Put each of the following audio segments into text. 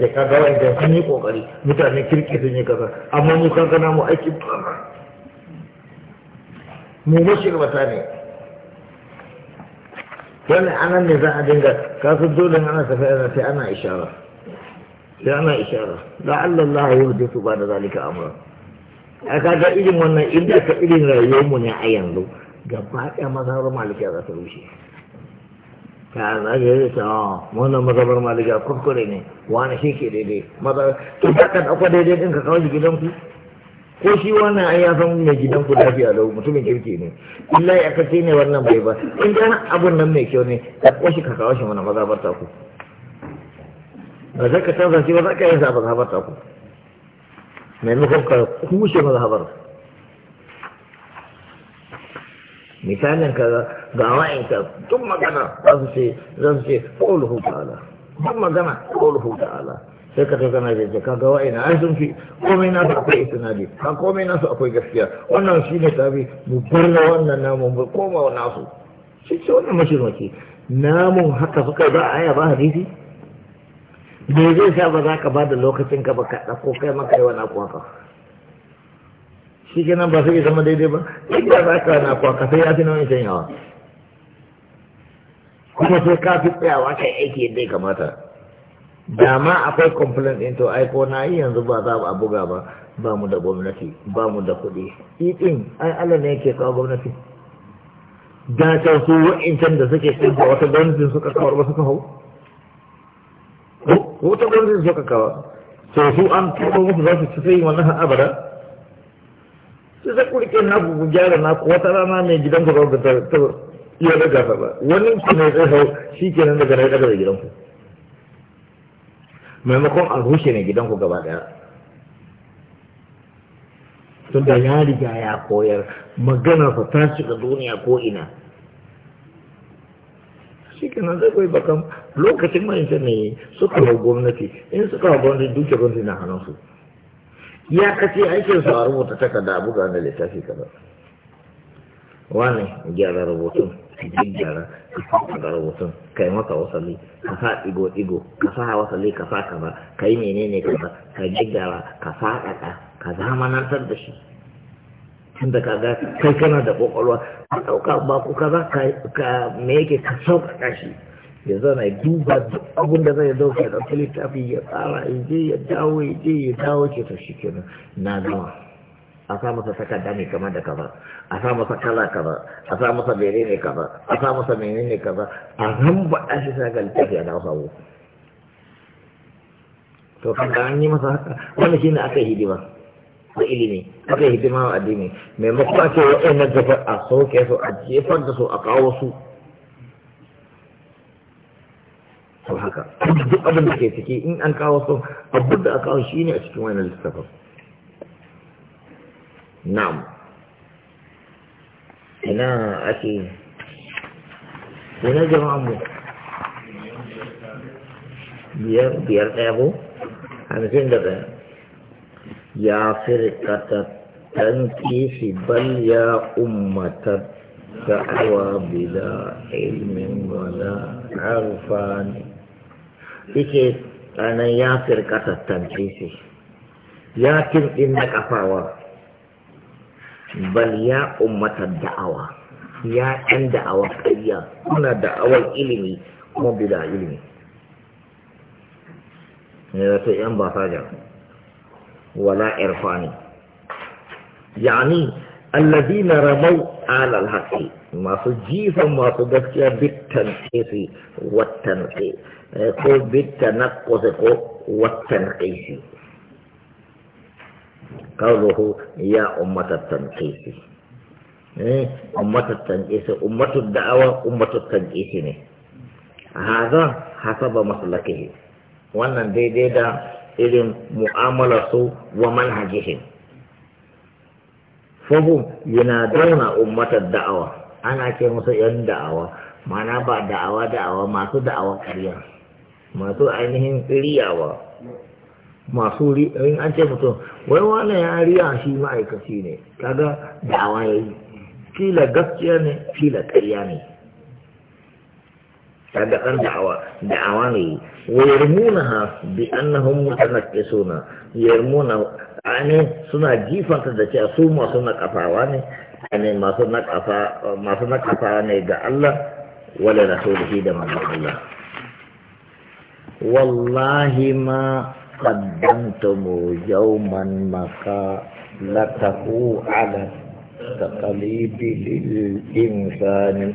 da ka ga wanda sun yi kokari mutane kirki sun yi kaza amma mu kan kana mu aiki ba mu mashirwata ne wani anan ne za a dinga kasu dole ana tafi ana sai ana ishara sai ana ishara da Allah ya wuce su ba da zalika amra a kaga irin wannan inda ka irin rayuwar mu ne a yanzu gaba ɗaya mazhabar malikiya za ta rushe ka zagaye yi ta wannan mazabar maliga kurkure ne wani shi ke daidai maza to ka ka dauko daidai din ka kawo shi gidanku ko shi wannan ai ya san me gidanku lafiya lau mutumin kirki ne illa ya kace ne wannan bai ba in dan abun nan mai kyau ne ka kawo shi ka kawo shi mana mazabar ta ku ba za ka canza shi ba za ka yi sa mazabar ta ku maimakon ka kushe mazabar ta misalin ka ga wa'inka duk magana za su ce za su ce ƙauluhu ta'ala duk magana ƙauluhu ta'ala sai ka tafi na jeje ka ga wa'ina an sun fi komai nasu akwai istinadi ka komai nasu akwai gaskiya wannan shi ne tabi mu bar na wannan namun mu koma wa nasu shi ce wannan mashirmaki namun haka suka za a yaba hadisi me zai sa ba za ka ba da lokacin ka ba ka ɗauko kai maka yi wani ka? shi kenan ba sai zama daidai ba inda za ka na kuwa ka sai ya fi nauyin shanyawa kuma sai ka fi tsayawa kai aiki yadda ya kamata da ma akwai complaint din to aiko na yi yanzu ba za a buga ba ba mu da gwamnati ba mu da kuɗi itin ai Allah ne yake kawo gwamnati da ta su wa'incan da suke kai da wata gwamnatin suka kawar ba suka hau wata gwamnatin suka kawar to su an kawo musu za su ci sai wannan abada sai sai ku na naku ku gyara ku wata rana mai gidan ku zauka ta ta iya daga ba wani ku ne zai hau shi ke nan daga daga da gidan ku maimakon a rushe ne gidan ku gaba daya tun da ya riga ya koyar magana sa ta shiga duniya ko ina shi ke nan zai bakan lokacin mai ne suka hau gwamnati in suka hau gwamnati duke gwamnati na hannun su ya kace aikin su a rubuta takarda a buga na littafi kaza wani gyara rubutun jin gyara ka da rubutun kai maka wasali ka sa igo igo ka sa wasali ka sa kaza ka yi menene kaza ka gyara ka sa kaka ka zamanantar da shi tunda ka ga kai kana da kokolwa ka dauka ba ku kaza ka me yake ka sauƙaƙa shi ya zauna duba abin da zai dauka ya dauki littafi ya tsara ya je ya dawo ya je ya dawo ke to shikenan na gawa a sa masa takarda ne kamar da kaza a sa masa kala kaza a sa masa bere ne kaza a sa masa mene ne kaza a nan ba a shi sa ga littafi a dawo sabo to kada an yi masa haka wani shi ne aka yi hidima da ilimi aka yi hidima wa addini maimakon ake ce na gaba a sauke su a jefar da su a kawo su sau haka duk abin da ke ciki in an kawo sun abin da aka kawo shi ne a cikin wani littafin na'am ina ake ina jama'a mu biyar biyar ɗaya ko hamsin da ɗaya ya firka ta ɗan kifi bal ya ummatar da'awa da ilimin wala arfani yake ranar ya firka tattance shi ya kirɗin na kafawa bal ya ummatar da'awa ya ɗan da'awa ƙarya kuna da'awar ilimi kuma bila ilimi ne wata yan ba wala irfani yani alladina ramau alal haƙi masu jifan masu gaskiya bittan ƙefi wattan ƙe ko bittan na ƙose ko wattan ƙefi kauluhu ya ummatattan ƙefi ummatattan ƙefi ummatun da'awa ummatattan ƙefi ne haza hasaba maslakihi wannan daidai da irin mu'amalarsu wa manhajihim fahim yana dauna ummatar da'awa ana ce musu yan da'awa mana ba da'awa da'awa masu da'awa ƙarya masu ainihin riyawa masu in an ce mutum wai wannan ya riya shi ma'aikaci ne kaga da'awa ya yi fila gaskiya ne fila ƙarya ne kaga ɗan da'awa da'awa ne wa ha bi annahum mutanaqisuna yarmuna ainihin suna jifanta da cewa su masu nakafawa ne ainihin masu nakafawa ne ga Allah wale sauri da manzanullah wallahi ma qaddamtumu yawman maka latahu ala taqalibi lil insani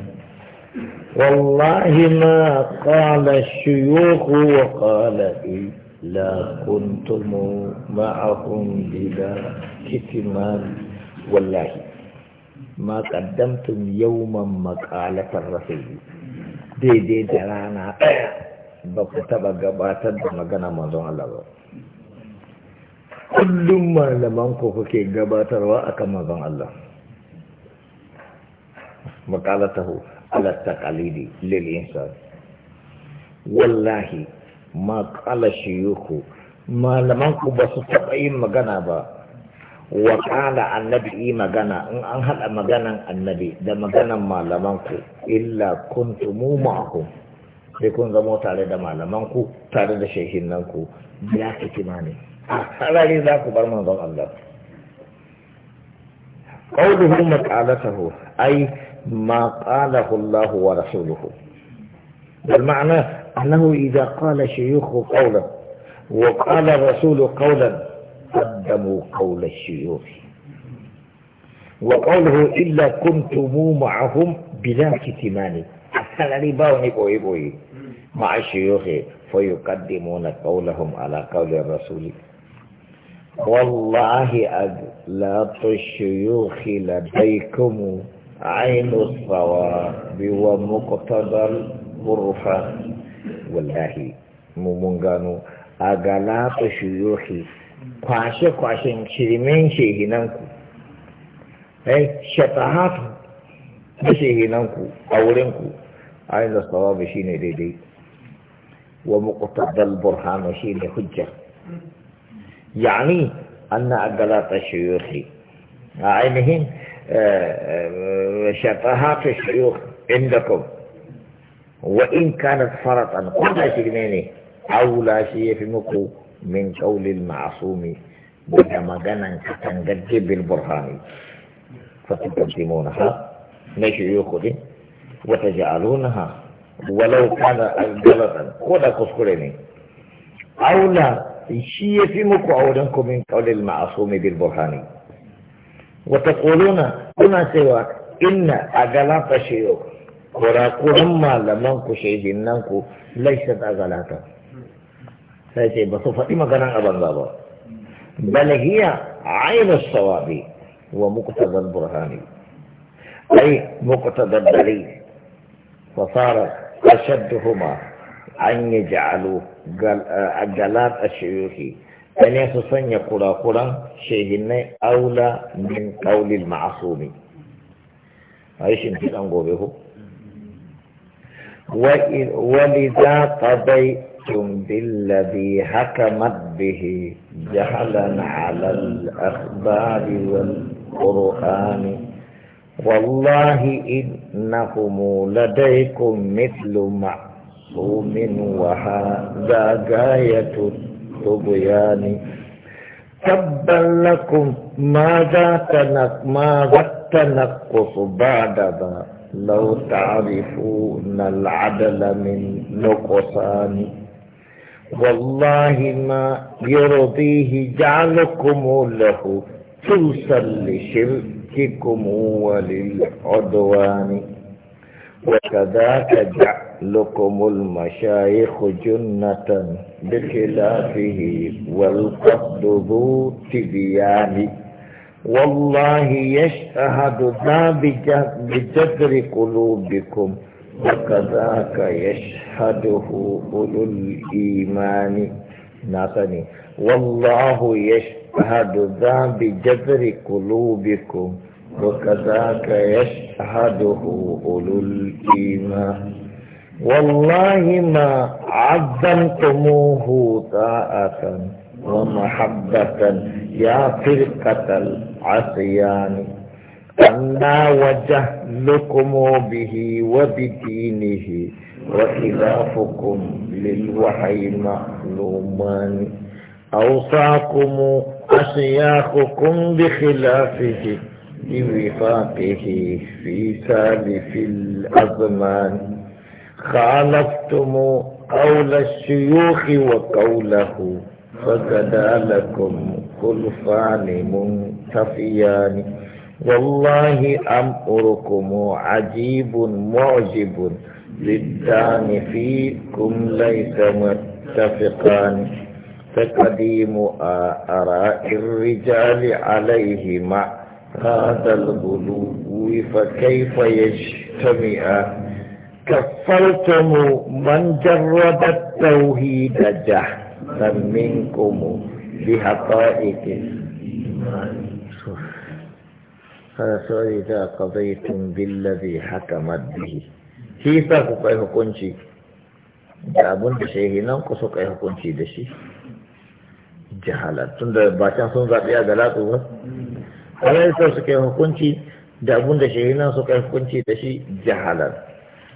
والله ما قال الشيوخ wa إيه لا كنتم معهم بلا كتمان والله ما قدمتم يوما مقالة الرسول دي دي درانا بكتب قباتا مغانا مزون الله kullum malamanku kuke gabatarwa a kan mazan Allah. Makalatahu alatta kalidi lil insan. Wallahi ma kala shiyuku malaman ku ba su taɓa yin magana ba wa kala annabi yi magana in an haɗa maganan annabi da maganan malaman ku illa mu ma'akum sai kun zamo tare da malaman ku tare da nan ku ya fitina ne a tsarari za ku bar manzon Allah قوله مقالته أي ما قاله الله ورسوله بالمعنى أنه إذا قال شيوخ قولا وقال الرسول قولا قدموا قول الشيوخ وقوله إلا كنتم معهم بلا كتمان أكثر رباوني بوي بوي مع الشيوخ فيقدمون قولهم على قول الرسول والله لا الشيوخ لديكم عين الصواب ومقتضى الغرفة wallahi mu mun gano a galata shuyuhi kwashe-kwashen shirmen shehinanku ai shatahatu da shehinanku a wurinku ayin da sawabu shi ne daidai wa muqtadal burhanu shi ne hujja yani anna a galata shuyuhi a ainihin shatahatu shuyuhi indakum وإن كانت فرطا قد شيء أولى شيء في مكو من قول المعصوم بدا مغانا كتنجد بالبرهان فتقدمونها نشيوخ وتجعلونها ولو كان غلطا قد كسكرني أولى شيء في مكو أولنكم من قول المعصوم بالبرهان وتقولون هنا سوى إن أغلط شيوخ kurakuran malaman ku shaidin nan ku laisa tsagalata sai ce ba su faɗi maganan a banza ba balahiya aina sawabi wa muktazar burhani ai muktazar dalil fasara ashadduhuma an yaj'alu galat ashyuhi ne su sanya kurakuran shehinai aula min kaulil ma'asumi a yi shi gobe ko ولذا قضيتم بالذي حكمت به جهلا على الأخبار والقرآن والله إنهم لديكم مثل معصوم وهذا غاية الطغيان تبا لكم ماذا تنقص بعد ذا لو تعرفون العدل من نقصان والله ما يرضيه جعلكم له توسا لشرككم وللعدوان وكذاك جعلكم المشايخ جنة بخلافه والقصد ذو تبيان والله يشهد ما بجذر قلوبكم وكذاك يشهده أولو الإيمان نعطني والله يشهد ذا بجذر قلوبكم وكذاك يشهده أولو الإيمان والله ما عظمتموه طاعة ومحبة يا فرقة عصيان أما وجهلكم به وبدينه وخلافكم للوحي معلومان أوصاكم أشياخكم بخلافه بوفاقه في سالف الأزمان خالفتم قول الشيوخ وقوله فكذا لكم فان منتفيان والله أمركم عجيب معجب للدان فيكم ليس متفقان فقديم آراء الرجال عليه مع هذا الغلو فكيف يجتمع كفرتم من جرب التوحيد جهلا منكم بحقائق فإذا قضيتم بالذي حكمت به shi sa ku kai hukunci da da shehinan ku su kai hukunci da shi jahalatun da ba can sun zaɓi a galatu ba kwanar sa su kai hukunci da da shehinan su kai hukunci da shi jahalar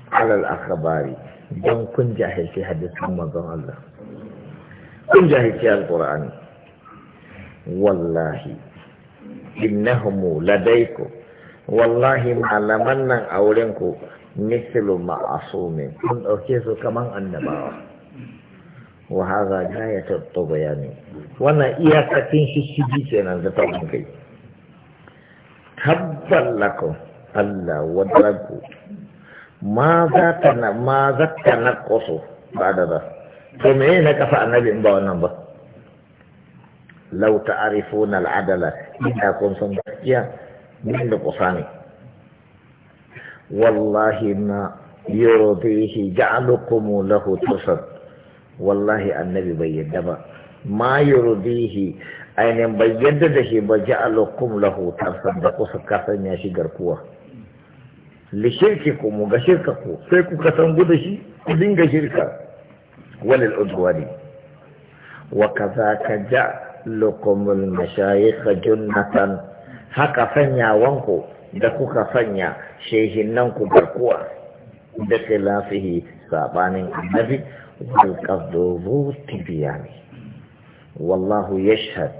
alal akhbari don kun jahilci hadisin manzon Allah kun jahilci alqur'ani wallahi innahum ladaiku wallahi malaman nan a wurin ku mislu ma'asumin kun dauke su kaman annabawa wa hadha gayatu tabayani wannan iyakacin shishigi nan da tauhid kai tabban lakum Allah wadraku ma za ta na ma za ta na koso ba da ba to me ne na kafa annabi in ba wannan ba lau ta'arifuna al'adala inda kun san gaskiya min da kusa ne wallahi ma yurdihi ja'alukum lahu tusad wallahi annabi bai yadda ba ma yurdihi ainihin bai yadda da shi ba ja'alukum lahu tusad da kusa ka sanya shi garkuwa lishirki ku mu ga shirka ku sai kuka san gudu shi ku dinga shirka walil udwani wa ka ja لكم المشايخ جنة هكا فنيا وانكو دكوكا فنيا شيخ ننكو بركوا بخلافه صابان النبي والقضوب تبياني والله يشهد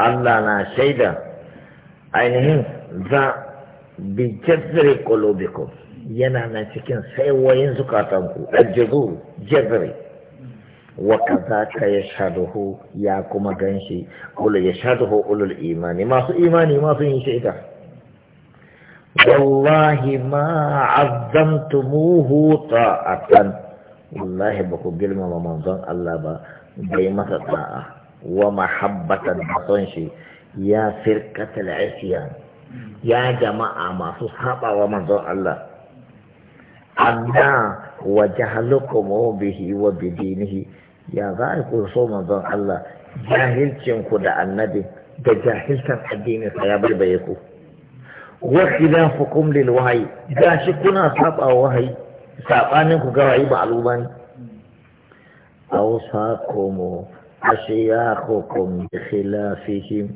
الله لا شيدا أينهم ذا بجذر قلوبكم ينا نتكين سيوين زكاتنكو الجذور جذري وكذاك يشهده يا كما غنشي قل يشهده أولو الإيمان ما سو إيماني ما سو إنشئته والله ما عظمتموه طاعة والله بكو جلما منظن الله با بيمة طاعة ومحبة بصنشي يا فرقة العصيان يا جماعة ما صحابة ومنظن الله أنا وجهلكم به وبدينه ya za a ku so manzon Allah jahilcin ku da annabi da jahiltar addinin sa ya barbaye ku wa hukum lil wahyi gashi kuna saba wahayi sabanin ku ga wahyi ba alubani awsakum ashiyakukum bi khilafihim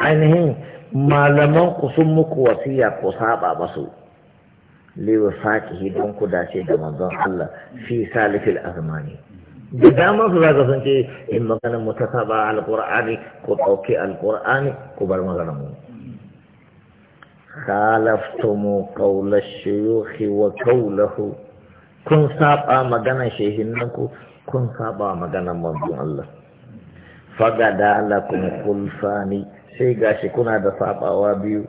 ainihin malaman ku sun muku wasiya ku saba basu liwa fakihi don ku dace da manzon Allah fi salifil azmani da dama su za ka san ce in maganar mu ta saba alkur'ani ko ɗauki alƙur'ani ko bar maganin mu خالفتم قول wa وقوله kun saba maganan shehinnanku kun saba maganan manzon Allah fagada lakum kulfani sai gashi kuna da sabawa biyu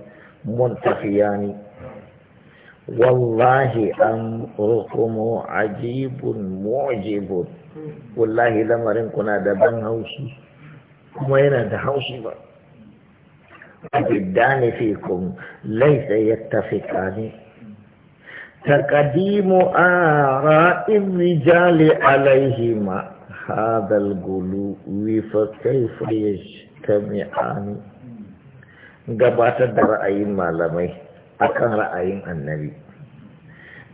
muntafiyani wallahi an amrukum ajibun mu'jibun wallahi lamarin kuna da ban haushi kuma yana da haushi ba A ta fi ajiddani fikum laysa alaihi ma. Hadal الرجال عليهما هذا الغلو ta mi'ani. gabatar da ra'ayin malamai akan ra'ayin annabi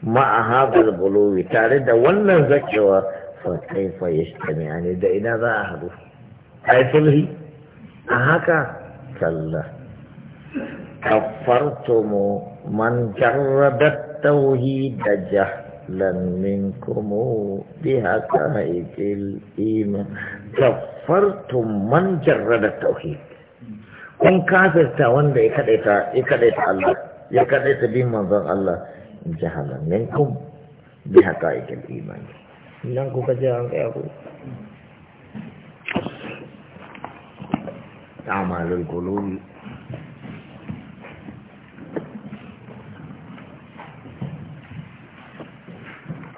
Ma a hadal gulu tare da wannan zakewa فكيف يجتمع يعني ده إلى ظاهره حيث له أهكا كلا كفرتم من جرب التوحيد جهلا منكم بها كهيك الإيمان كفرتم من جرب التوحيد كن كافر تاوان ده يكاديتا يكاديتا الله يكاديتا بمنظر الله جهلا منكم بها كهيك الإيمان جهلا nan kuka ji an kaya ku amalul qulubi